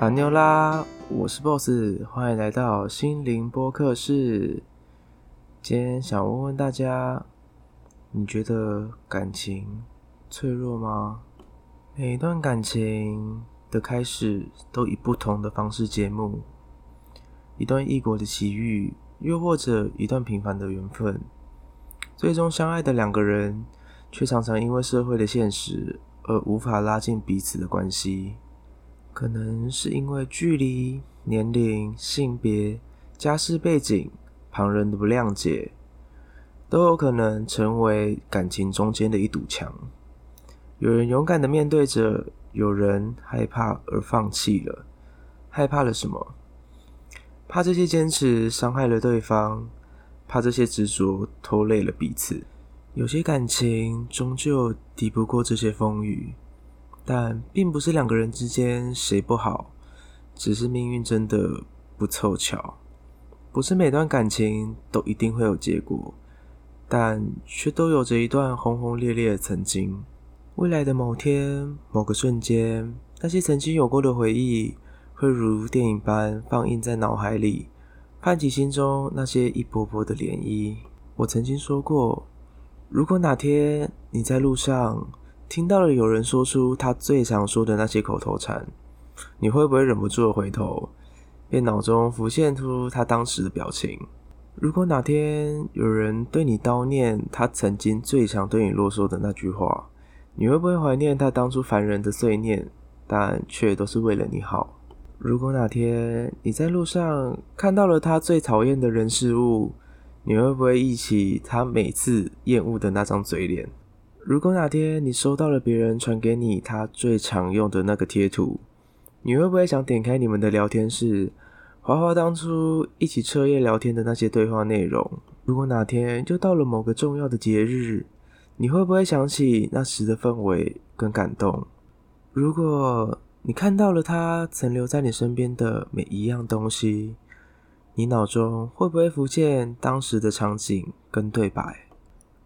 阿妞啦，我是 BOSS，歡迎來到心靈播客室。今天想問問大家，你覺得感情脆弱嗎？每一段感情的開始，都以不同的方式結幕，一段異國的奇遇，又或者一段平凡的緣分，最終相愛的兩個人，卻常常因為社會的現實而無法拉近彼此的關係。可能是因為距離、年齡、性別、家世背景、旁人的不諒解，都有可能成為感情中間的一堵牆。有人勇敢地面對着，有人害怕而放棄了。害怕了什麼？怕這些堅持傷害了對方，怕這些執着拖累了彼此。有些感情終究抵不過這些風雨。但並不是兩個人之間誰不好，只是命運真的不湊巧。不是每段感情都一定會有結果，但卻都有着一段轟轟烈烈的曾經。未來的某天，某個瞬間，那些曾經有過的回憶，會如電影般放映在腦海裡，泛起心中那些一波波的漣漪。我曾經說過，如果哪天你在路上，聽到了有人說出他最常說的那些口頭禪，你會不會忍不住的回頭，便腦中浮現出他當時的表情？如果哪天有人對你叨念他曾經最常對你囉嗦的那句話，你會不會懷念他當初煩人的碎念，但卻都是為了你好？如果哪天你在路上看到了他最討厭的人事物，你會不會憶起他每次厭惡的那張嘴臉？如果哪天你收到了別人傳給你他最常用的那個貼圖，你會不會想點開你們的聊天室，滑滑當初一起徹夜聊天的那些對話內容？如果哪天就到了某個重要的節日，你會不會想起那時的氛圍跟感動？如果你看到了他曾留在你身邊的每一樣東西，你腦中會不會浮現當時的場景跟對白？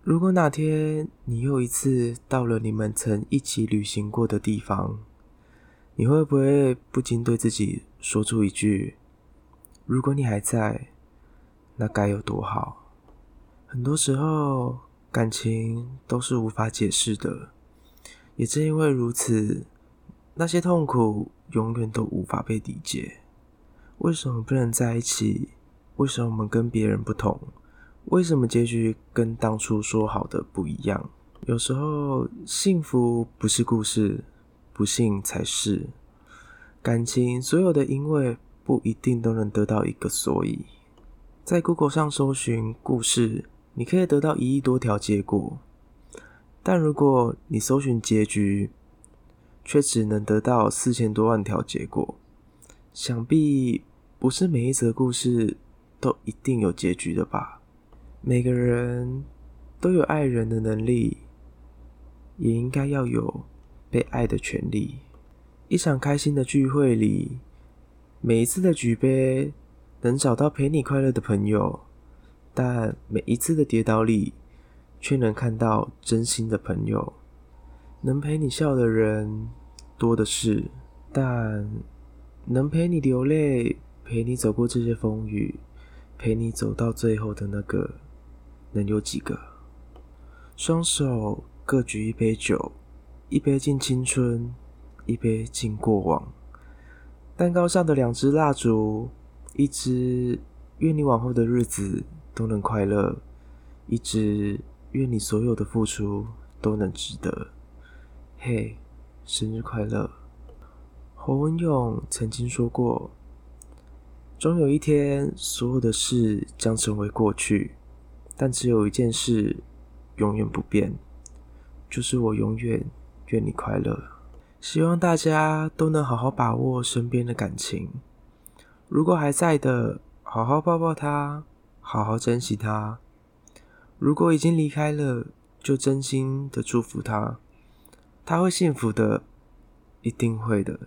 如果哪天你又一次到了你們曾一起旅行過的地方，你會不會不禁對自己說出一句：“如果你還在，那該有多好？”很多時候，感情都是無法解釋的，也正因為如此，那些痛苦永遠都無法被理解。為什麼不能在一起？為什麼我們跟別人不同？為什麼結局跟當初說好的不一樣？有時候，幸福不是故事，不幸才是。感情所有的因為不一定都能得到一個所以。在 Google 上搜尋故事，你可以得到一億多條結果，但如果你搜尋結局，卻只能得到四千多萬條結果。想必不是每一則故事都一定有結局的吧？每個人都有愛人的能力，也應該要有被愛的權利。一場開心的聚會裡，每一次的舉杯能找到陪你快樂的朋友，但每一次的跌倒裡却能看到真心的朋友。能陪你笑的人多的是，但能陪你流淚，陪你走過這些風雨，陪你走到最後的那個。能有幾個？雙手各舉一杯酒，一杯敬青春，一杯敬過往。蛋糕上的兩支蠟燭，一支願你往後的日子都能快樂，一支願你所有的付出都能值得。嘿，生日快樂！侯文勇曾經說過：“終有一天，所有的事將成為過去。”但只有一件事永遠不變，就是我永遠願你快樂。希望大家都能好好把握身邊的感情。如果還在的，好好抱抱他，好好珍惜他；如果已經離開了，就真心的祝福他，他會幸福的，一定會的，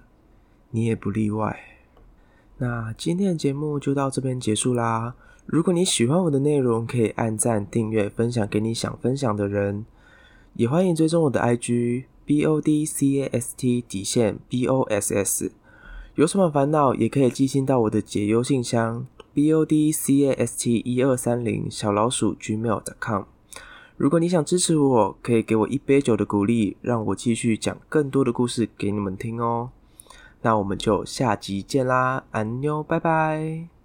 你也不例外。那今天的節目就到這邊結束啦。如果你喜歡我的內容，可以按讚、訂閱、分享給你想分享的人，也歡迎追蹤我的 IG BODCAST 底線 BOSS。有什麼煩惱，也可以寄信到我的解憂信箱 BODCAST 一二三零小老鼠 gmail.com。如果你想支持我，可以給我一杯酒的鼓勵，讓我繼續講更多的故事給你們聽哦、喔。那我們就下集見啦，安妞，拜拜。